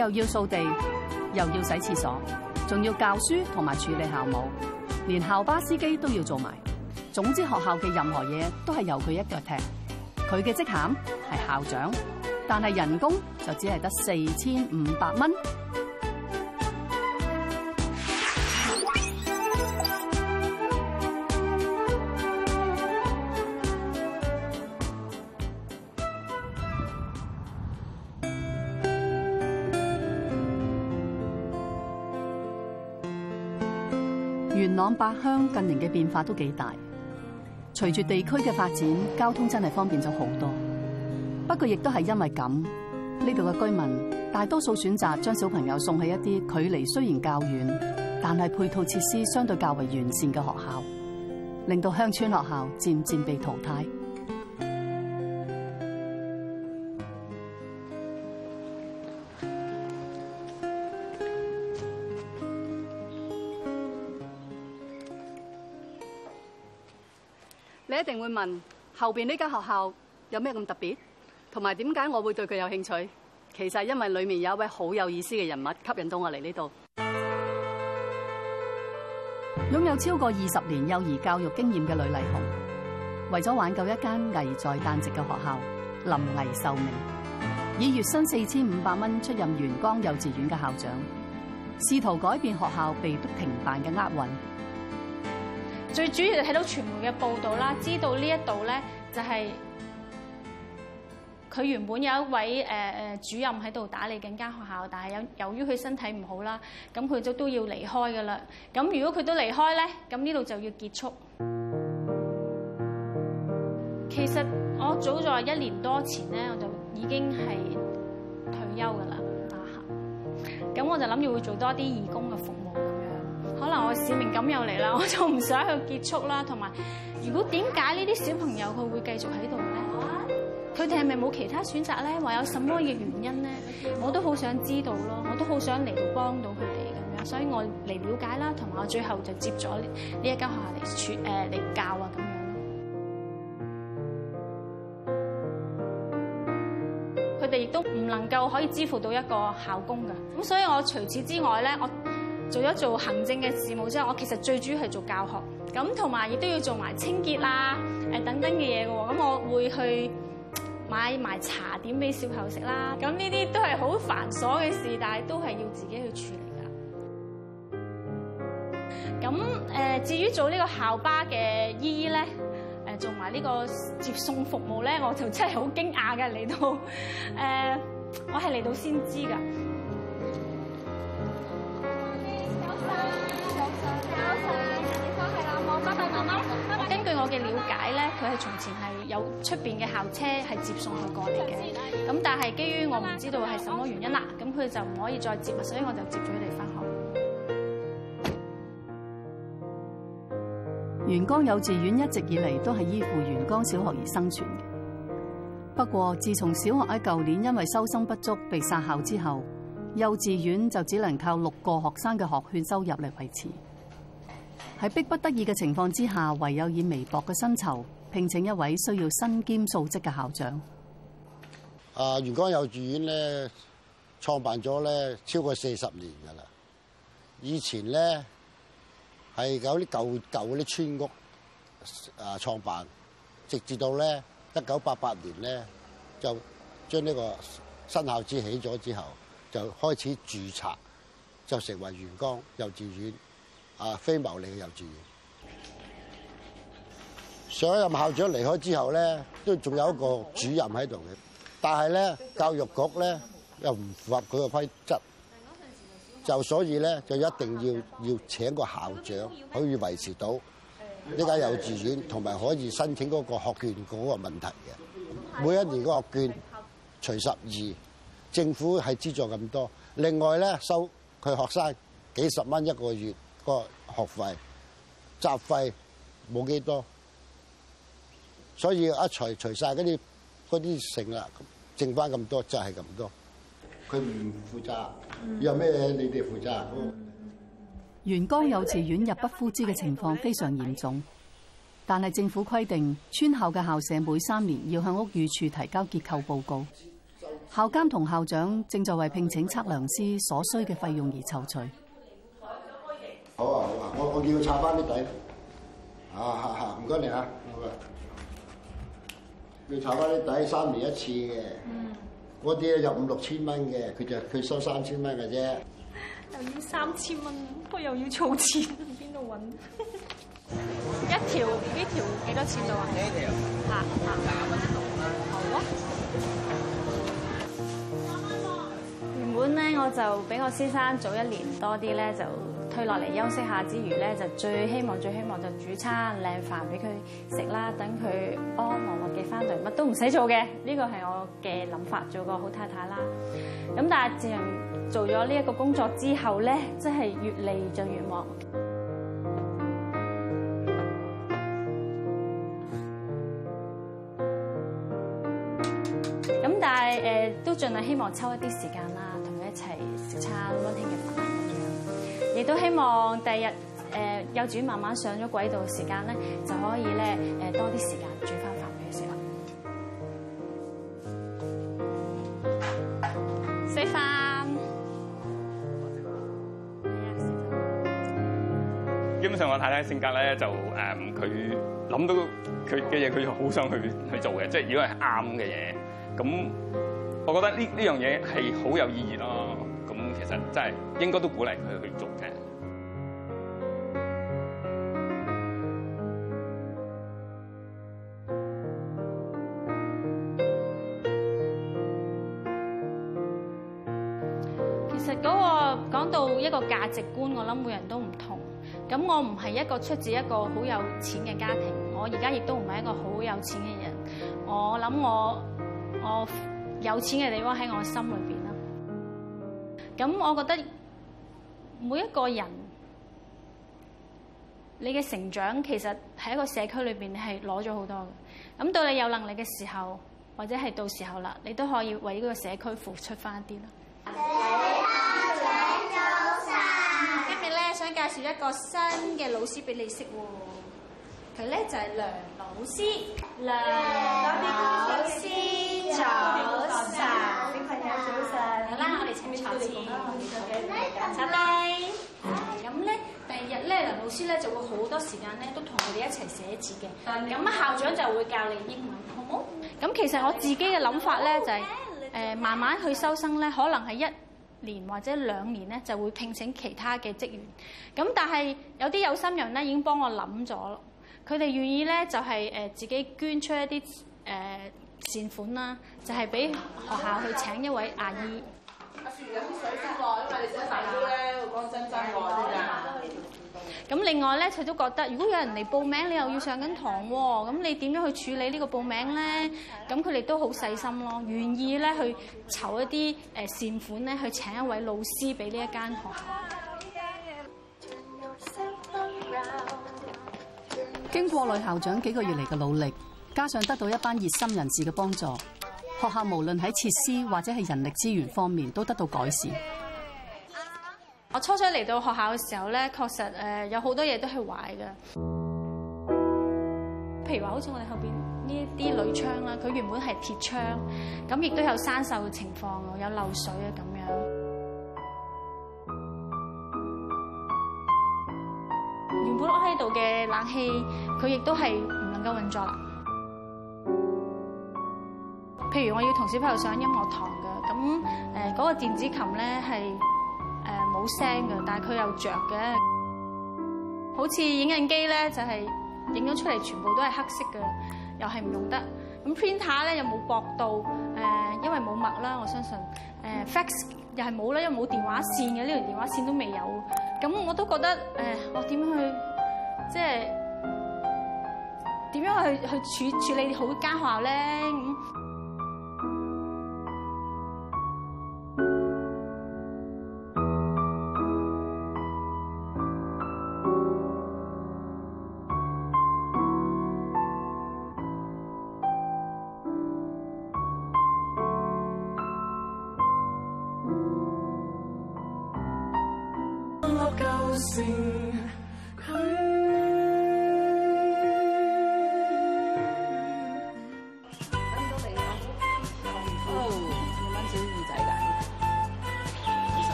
又要掃地，又要洗廁所，仲要教書同埋處理校務，連校巴司機都要做埋。總之，學校嘅任何嘢都係由佢一腳踢。佢嘅職銜係校長，但係人工就只係得四千五百蚊。元朗八鄉近年嘅變化都幾大，隨住地區嘅發展，交通真係方便咗好多。不過亦都係因為咁，呢度嘅居民大多數選擇將小朋友送去一啲距離雖然較遠，但係配套設施相對較為完善嘅學校，令到鄉村學校漸漸被淘汰。你一定會問後邊呢間學校有咩咁特別，同埋點解我會對佢有興趣？其實係因為裏面有一位好有意思嘅人物吸引到我嚟呢度。擁有超過二十年幼兒教育經驗嘅呂麗紅，為咗挽救一間危在旦夕嘅學校，臨危受命，以月薪四千五百蚊出任元岡幼稚園嘅校長，試圖改變學校被逼停辦嘅厄運。最主要就睇到傳媒嘅報道啦，知道呢一度咧就係佢原本有一位誒誒主任喺度打理緊間學校，但係有由於佢身體唔好啦，咁佢就都要離開噶啦。咁如果佢都離開咧，咁呢度就要結束。其實我早在一年多前咧，我就已經係退休噶啦，咁我就諗住會做多啲義工嘅服務。可能我使命感又嚟啦，我就唔想去結束啦。同埋，如果點解呢啲小朋友佢會繼續喺度咧？佢哋係咪冇其他選擇咧？或者有乜嘢原因咧？我都好想知道咯，我都好想嚟到幫到佢哋咁樣。所以我嚟了解啦，同埋我最後就接咗呢一間學校嚟處誒嚟、呃、教啊咁樣咯。佢哋亦都唔能夠可以支付到一個校工噶。咁所以我除此之外咧，我做一做行政嘅事務之後，我其實最主要係做教學，咁同埋亦都要做埋清潔啦，誒等等嘅嘢嘅喎，咁我會去買埋茶點俾小朋友食啦，咁呢啲都係好繁瑣嘅事，但係都係要自己去處理噶。咁誒、呃，至於做呢個校巴嘅姨姨咧，誒做埋呢個接送服務咧，我就真係好驚訝嘅嚟到，誒、呃、我係嚟到先知噶。嘅了解咧，佢係從前係有出邊嘅校車係接送佢過嚟嘅，咁但係基於我唔知道係什麼原因啦，咁佢就唔可以再接，所以我就接咗佢哋翻學。元岡幼稚園一直以嚟都係依附元岡小學而生存嘅，不過自從小學喺舊年因為收生不足被殺校之後，幼稚園就只能靠六個學生嘅學券收入嚟維持。喺迫不得已嘅情況之下，唯有以微薄嘅薪酬聘請一位需要身兼數職嘅校長。啊，元岡幼稚園咧，創辦咗咧超過四十年噶啦。以前咧係有啲舊舊啲村屋啊創辦，直至到咧一九八八年咧就將呢個新校址起咗之後，就開始注冊，就成為元岡幼稚園。啊！非牟利嘅幼稚園上一任校長離開之後咧，都仲有一個主任喺度嘅。但係咧，教育局咧又唔符合佢嘅規則，就所以咧就一定要要請個校長，可以維持到呢間幼稚園，同埋可以申請嗰個學券嗰個問題，嘅每一年嘅學券除十二，政府係資助咁多，另外咧收佢學生幾十蚊一個月。個學費雜費冇幾多，所以一除除晒嗰啲嗰啲剩啦，剩返咁多就係咁多。佢唔負責，有、嗯、咩你哋負責？元、嗯、岡幼稚園入不敷支嘅情況非常嚴重，但係政府規定村校嘅校舍每三年要向屋宇署提交結構報告。校監同校長正在為聘請測量師所需嘅費用而籌取。要拆翻啲底，啊，唔該你啊，要拆翻啲底，三年一次嘅，嗰啲有就五六千蚊嘅，佢就佢收三千蚊嘅啫。又要三千蚊，佢又要儲錢，邊度揾？ 一條呢條幾多錢到啊？呢條嚇嚇。好啊，啊，啊。原本咧我就俾我先生早一年多啲咧就。落嚟休息下之餘咧，就最希望、最希望就煮餐靚飯俾佢食啦，等佢安安樂樂嘅翻嚟，乜都唔使做嘅。呢個係我嘅諗法，做個好太太啦。咁但係自從做咗呢一個工作之後咧，真係越嚟越，越忙。咁但係誒、呃，都盡量希望抽一啲時間啦，同佢一齊食餐溫馨嘅飯。亦都希望第日誒幼稚園慢慢上咗軌道，時間咧就可以咧誒多啲時間煮翻飯俾佢食啦。食飯。基本上我太太性格咧就誒，佢諗到佢嘅嘢，佢好想去去做嘅，即係如果係啱嘅嘢，咁我覺得呢呢樣嘢係好有意義咯。真係應該都鼓勵佢去做嘅。其實、嗰個講到一個價值觀，我諗每人都唔同。咁我唔係一個出自一個好有錢嘅家庭，我而家亦都唔係一個好有錢嘅人，我諗我。我諗我我有錢嘅地方喺我心裏邊。咁我覺得每一個人你嘅成長其實喺一個社區裏邊，你係攞咗好多嘅。咁到你有能力嘅時候，或者係到時候啦，你都可以為呢個社區付出翻啲啦。今日咧想介紹一個新嘅老師俾你識喎，佢咧就係、是、梁老師。梁老師，梁老師早。我哋請坐，坐、嗯嗯。拜拜。咁咧。第二日咧，梁老師咧就會好多時間咧，都同佢哋一齊寫字嘅。咁、嗯、校長就會教你英文，好冇？咁、嗯、其實我自己嘅諗法咧、就是，就係誒慢慢去收生咧，可能係一年或者兩年咧，就會聘請其他嘅職員。咁但係有啲有心人咧，已經幫我諗咗，佢哋願意咧就係、是、誒、呃、自己捐出一啲誒、呃、善款啦，就係、是、俾學校去請一位阿姨。嗯阿雪飲啲水先喎，因為你寫大標咧會乾身身喎，真係。咁另外咧，佢都覺得如果有人嚟報名，你又要上緊堂喎，咁你點樣去處理呢個報名咧？咁佢哋都好細心咯，願意咧去籌一啲誒善款咧，去請一位老師俾呢一間學校。經過女校長幾個月嚟嘅努力，加上得到一班熱心人士嘅幫助。學校無論喺設施或者係人力資源方面都得到改善。我初初嚟到學校嘅時候咧，確實誒有好多嘢都係壞嘅，譬如話好似我哋後邊呢啲鋁窗啦，佢原本係鐵窗，咁亦都有生銹嘅情況，有漏水啊咁樣。原本我喺度嘅冷氣，佢亦都係唔能夠運作啦。譬如我要同小朋友上音樂堂嘅，咁誒嗰個電子琴咧係誒冇聲嘅，但係佢又着嘅。好似影印機咧，就係影咗出嚟全部都係黑色嘅，又係唔用得。咁 printer 咧又冇駁度，誒、呃、因為冇墨啦，我相信。誒、呃、 fax 又係冇啦，因為冇電話線嘅，呢、這、條、個、電話線都未有。咁我都覺得誒、呃，我點去即係點樣去怎樣去處處理好間學校咧？咁、嗯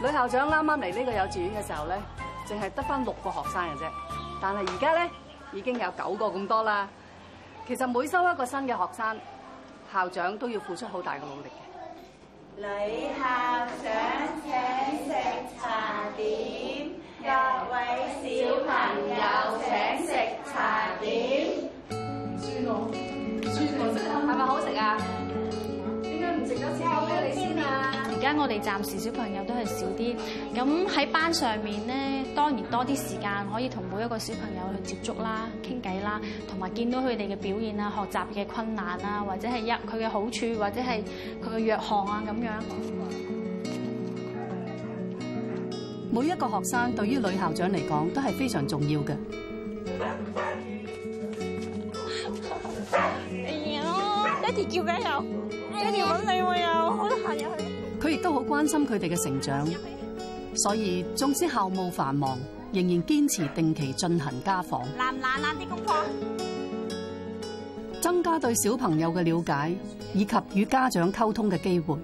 女校長啱啱嚟呢個幼稚園嘅時候咧，淨係得返六個學生嘅啫，但係而家咧已經有九個咁多啦。其實每收一個新嘅學生，校長都要付出好大嘅努力。女校長請食茶點，各位小朋友請食茶點。唔算唔算你。係咪好食啊？食咗之後俾你先啦。而家我哋暫時小朋友都係少啲，咁喺班上面咧，當然多啲時間可以同每一個小朋友去接觸啦、傾偈啦，同埋見到佢哋嘅表現啊、學習嘅困難啊，或者係一佢嘅好處，或者係佢嘅弱項啊咁樣。每一個學生對於女校長嚟講都係非常重要嘅。哎呀，爹哋叫咩？又～爹哋搵你喎又，好多閒日去。佢亦都好關心佢哋嘅成長，所以縱使校務繁忙，仍然堅持定期進行家訪，難唔難啲功課，增加對小朋友嘅了解以及與家長溝通嘅機會。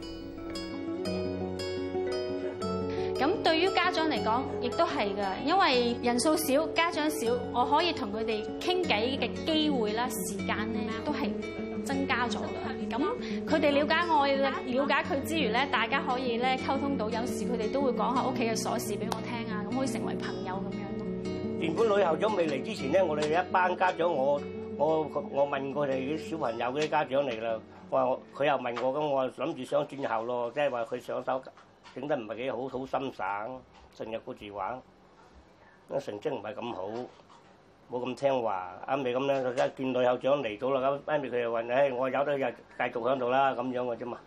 亦都係噶，因為人數少，家長少，我可以同佢哋傾偈嘅機會啦、時間咧，都係增加咗嘅。咁佢哋了解我，了解佢之餘咧，大家可以咧溝通到，有時佢哋都會講下屋企嘅鎖匙俾我聽啊，咁可以成為朋友咁樣。原本女校長未嚟之前咧，我哋一班家長，我我我問我哋啲小朋友嗰啲家長嚟啦，話我佢又問我咁，我諗住想轉校咯，即係話佢上手。整得唔係幾好，好心散，成日顧住玩，咁成績唔係咁好，冇咁聽話，啱尾咁咧，佢一見到女校長嚟到啦，咁啱尾佢又話，誒，我由得佢繼續響度啦，咁樣嘅啫嘛。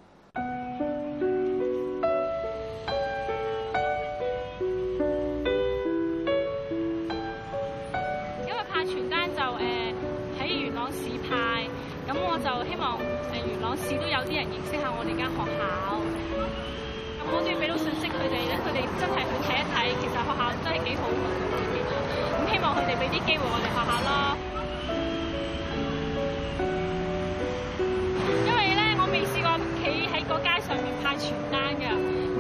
因為派傳單就誒喺元朗市派，咁我就希望誒元朗市都有啲人認識下我。佢哋咧，佢哋真係去睇一睇，其實學校真係幾好嘅。咁希望佢哋俾啲機會我哋學校咯。因為咧，我未試過企喺個街上面派傳單嘅。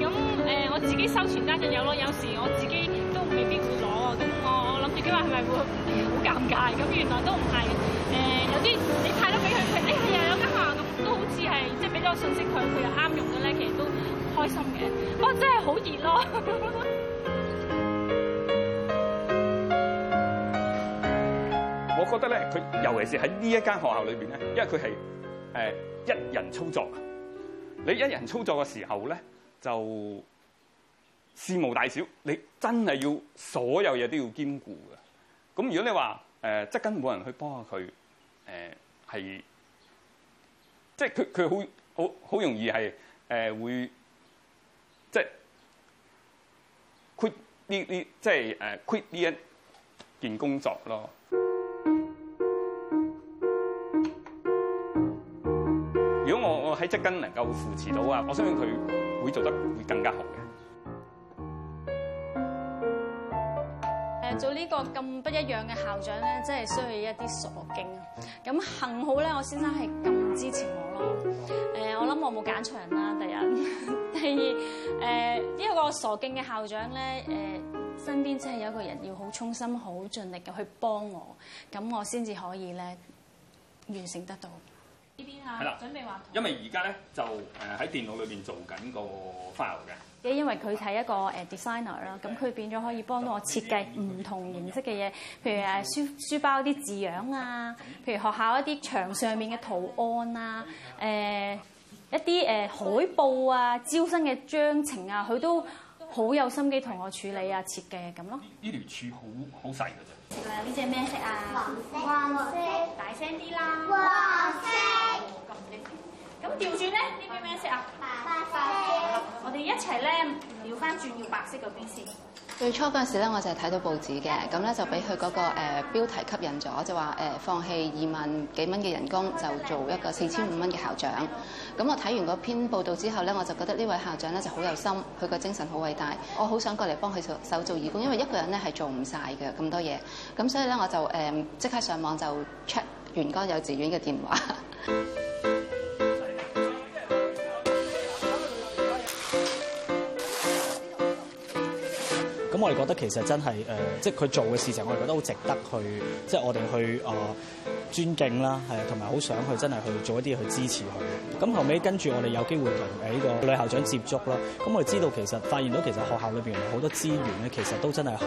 咁、呃、誒我自己收傳單就有咯。有時我自己都未必會攞喎。咁我我諗住佢話係咪會好尷尬？咁原來都唔係誒，有啲你派咗俾佢，佢哎呀，有間學校咁都好似係，即係俾咗個信息佢，佢又啱用嘅咧。好熱咯，啊！ 我覺得咧，佢尤其是喺呢一間學校裏邊咧，因為佢係、呃、一人操作。你一人操作嘅時候咧，就事無大小，你真係要所有嘢都要兼顧嘅。咁如果你話即側跟冇人去幫下佢，係、呃、即係佢佢好好好容易係誒、呃、會即係。quit 呢呢即係誒 quit 呢一件工作咯。如果我我喺側根能夠扶持到啊，我相信佢會做得會更加好嘅。誒、呃、做呢個咁不一樣嘅校長咧，真係需要一啲傻勁啊。咁幸好咧，我先生係咁支持我。誒、哦，我諗我冇揀錯人啦。第一，第二，誒、呃，呢個傻勁嘅校長咧，誒、呃，身邊真係有一個人要好衷心、好盡力嘅去幫我，咁我先至可以咧完成得到。呢邊啊，係啦，準備話，因為而家咧就誒喺電腦裏邊做緊個 file 嘅。因為佢係一個誒 designer 啦，咁、啊、佢、呃呃呃、變咗可以幫到我設計唔同形式嘅嘢，譬如誒、啊、書書包啲字樣啊，譬如學校一啲牆上面嘅圖案啊，誒、呃、一啲誒、呃、海報啊，招生嘅章程啊，佢都好有心機同我處理啊，設計啊咁咯。呢、啊、條柱好好細嘅啫。呢隻咩色啊？黃色，黃色。大聲啲啦！黃色，咁叻，咁調轉咧，呢邊咩色啊？白色，白色，我哋一齊咧調返轉，要白色嗰邊先。最初嗰陣時咧，我就係睇到報紙嘅，咁咧就俾佢嗰個誒標題吸引咗，就話誒放棄二萬幾蚊嘅人工，就做一個四千五蚊嘅校長。咁我睇完嗰篇報導之後咧，我就覺得呢位校長咧就好有心，佢個精神好偉大，我好想過嚟幫佢手手做義工，因為一個人咧係做唔晒嘅咁多嘢。咁所以咧我就誒即刻上網就 check 元岡幼稚園嘅電話。 咁我哋覺得其實真係誒，即係佢做嘅事情，我哋覺得好值得去，即係我哋去啊。呃尊敬啦，係啊，同埋好想去真係去做一啲嘢去支持佢。咁後尾跟住我哋有機會同誒呢個女校長接觸啦。咁我哋知道其實發現到其實學校裏邊好多資源咧，其實都真係好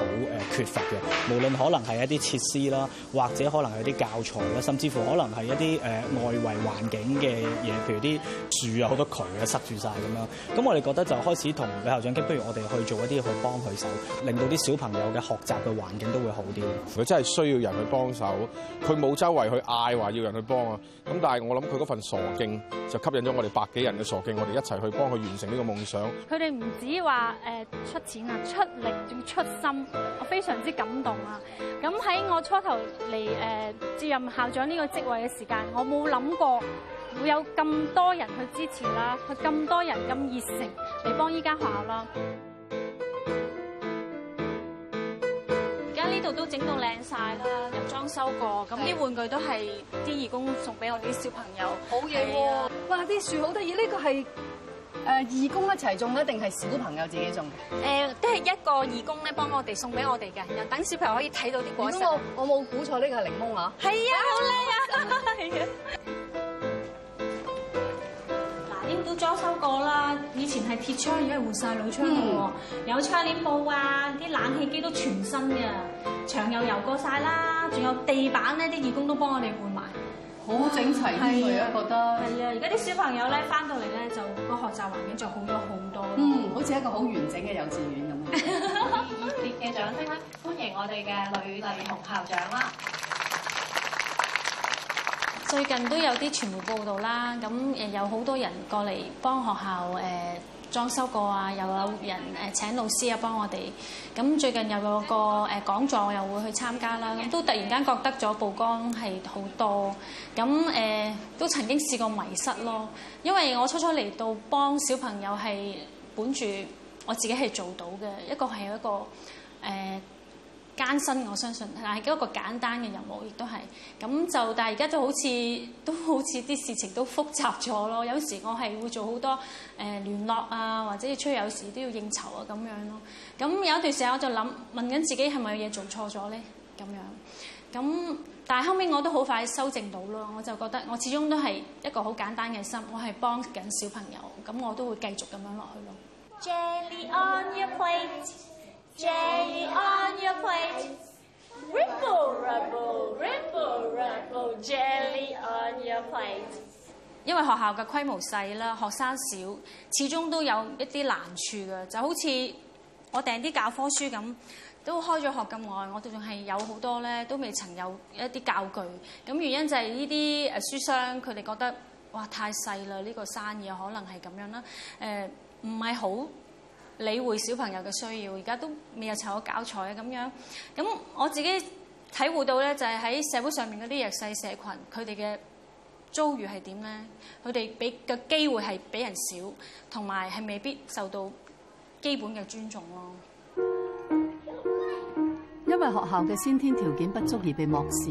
誒缺乏嘅。無論可能係一啲設施啦，或者可能係啲教材啦，甚至乎可能係一啲誒、呃、外圍環境嘅嘢，譬如啲樹啊，好多渠啊，塞住晒咁樣。咁我哋覺得就開始同女校長傾，不如我哋去做一啲去幫佢手，令到啲小朋友嘅學習嘅環境都會好啲。佢真係需要人去幫手，佢冇周圍。佢嗌話要人去幫啊！咁但係我諗佢嗰份傻勁就吸引咗我哋百幾人嘅傻勁，我哋一齊去幫佢完成呢個夢想。佢哋唔止話誒、呃、出錢啊，出力仲出心，我非常之感動啊！咁喺我初頭嚟誒、呃、接任校長呢個職位嘅時間，我冇諗過會有咁多人去支持啦、啊，去咁多人咁熱誠嚟幫依間學校啦、啊。呢度都整到靚晒啦，又裝修過，咁啲玩具都係啲義工送俾我哋啲小朋友，好嘢喎！啊啊哇，啲樹好得意，呢個係誒義工一齊種啊，定係小朋友自己種嘅？誒、呃，都係一個義工咧，幫我哋送俾我哋嘅，又等小朋友可以睇到啲果實。我冇估錯，呢個係檸檬啊！係啊，好靚啊！裝修過啦，以前係鐵窗，而家換曬鋁窗嘅，有窗簾布啊，啲冷氣機都全新嘅，牆又油過晒啦，仲有地板咧，啲義工都幫我哋換埋，好整齊啲啊，啊，覺得。係啊，而家啲小朋友咧翻到嚟咧就個學習環境就好咗好多，嗯，好似一個好完整嘅幼稚園咁啊！熱烈嘅掌聲啦，歡迎我哋嘅呂麗紅校長啦！最近都有啲傳媒報道啦，咁誒有好多人過嚟幫學校誒、呃、裝修過啊，又有人誒請老師啊幫我哋。咁最近又有一個誒、呃、講座我又會去參加啦，咁都突然間覺得咗曝光係好多。咁誒、呃、都曾經試過迷失咯，因為我初初嚟到幫小朋友係本住我自己係做到嘅，一個係一個誒。呃艱辛，我相信，但係一個簡單嘅任務亦都係。咁就，但係而家都好似，都好似啲事情都複雜咗咯。有時我係會做好多誒、呃、聯絡啊，或者要出去有時都要應酬啊咁樣咯。咁有一段時間我就諗問緊自己係咪有嘢做錯咗咧？咁樣。咁，但係後尾我都好快修正到咯。我就覺得我始終都係一個好簡單嘅心，我係幫緊小朋友，咁我都會繼續咁樣落去咯。Jelly on your plate ripple rubble ripple rubble jelly on your plate 因為學校嘅規模細啦，學生少，始終都有一啲難處嘅。就好似我訂啲教科書咁，都開咗學咁耐，我哋仲係有好多咧都未曾有一啲教具咁。原因就係呢啲誒，書商佢哋覺得哇太細啦，呢個生意可能係咁樣啦，誒，唔係好理會小朋友嘅需要，而家都未有湊好教材咁樣，咁我自己體會到咧，就係、是、喺社會上面嗰啲弱勢社群，佢哋嘅遭遇係點咧？佢哋俾嘅機會係俾人少，同埋係未必受到基本嘅尊重咯。因為學校嘅先天條件不足而被漠視，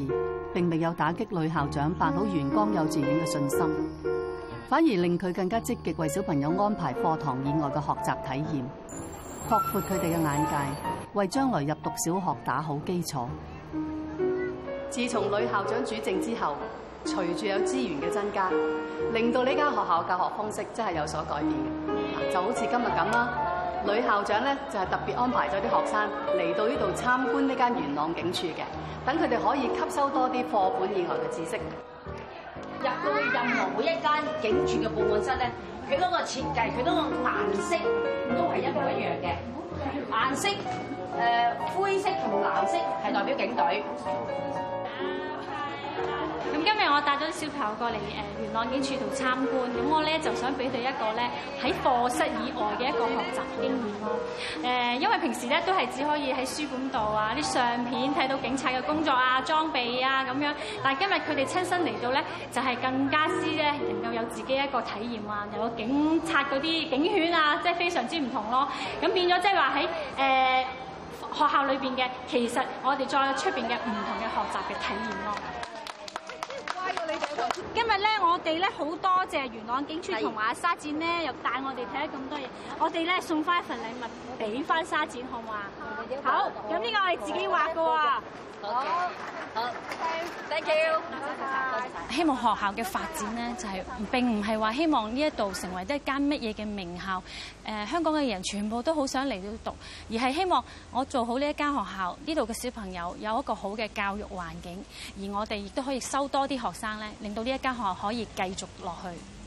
並未有打擊女校長辦好元岡幼稚園嘅信心。反而令佢更加積極為小朋友安排課堂以外嘅學習體驗，擴闊佢哋嘅眼界，為將來入讀小學打好基礎。自從女校長主政之後，隨住有資源嘅增加，令到呢間學校教學方式真係有所改變嘅，就好似今日咁啦。女校長咧就係、是、特別安排咗啲學生嚟到呢度參觀呢間元朗警署嘅，等佢哋可以吸收多啲課本以外嘅知識。入到任何每一間警署嘅辦案室咧，佢嗰個設計，佢嗰個顏色都係一模一樣嘅。顏色誒，灰色同藍色係代表警隊。咁今日我帶咗啲小朋友過嚟誒元朗警署度參觀，咁我咧就想俾佢一個咧喺課室以外嘅一個學習經驗咯。誒，因為平時咧都係只可以喺書本度啊、啲相片睇到警察嘅工作啊、裝備啊咁樣，但今日佢哋親身嚟到咧，就係更加之咧能夠有自己一個體驗啊，有警察嗰啲警犬啊，即係非常之唔同咯。咁變咗即係話喺誒學校裏面嘅，其實我哋再出面嘅唔同嘅學習嘅體驗咯。今日咧，我哋咧好多謝元朗景村同埋沙展咧，又帶我哋睇咁多嘢。我哋咧送翻一份禮物俾翻沙展，好唔好啊？好。咁呢個我哋自己畫噶啊。好，好，thank you，希望學校嘅發展呢、就是，就係並唔係話希望呢一度成為一間乜嘢嘅名校，誒、呃，香港嘅人全部都好想嚟呢度讀，而係希望我做好呢一間學校，呢度嘅小朋友有一個好嘅教育環境，而我哋亦都可以收多啲學生，呢令到呢一間學校可以繼續落去。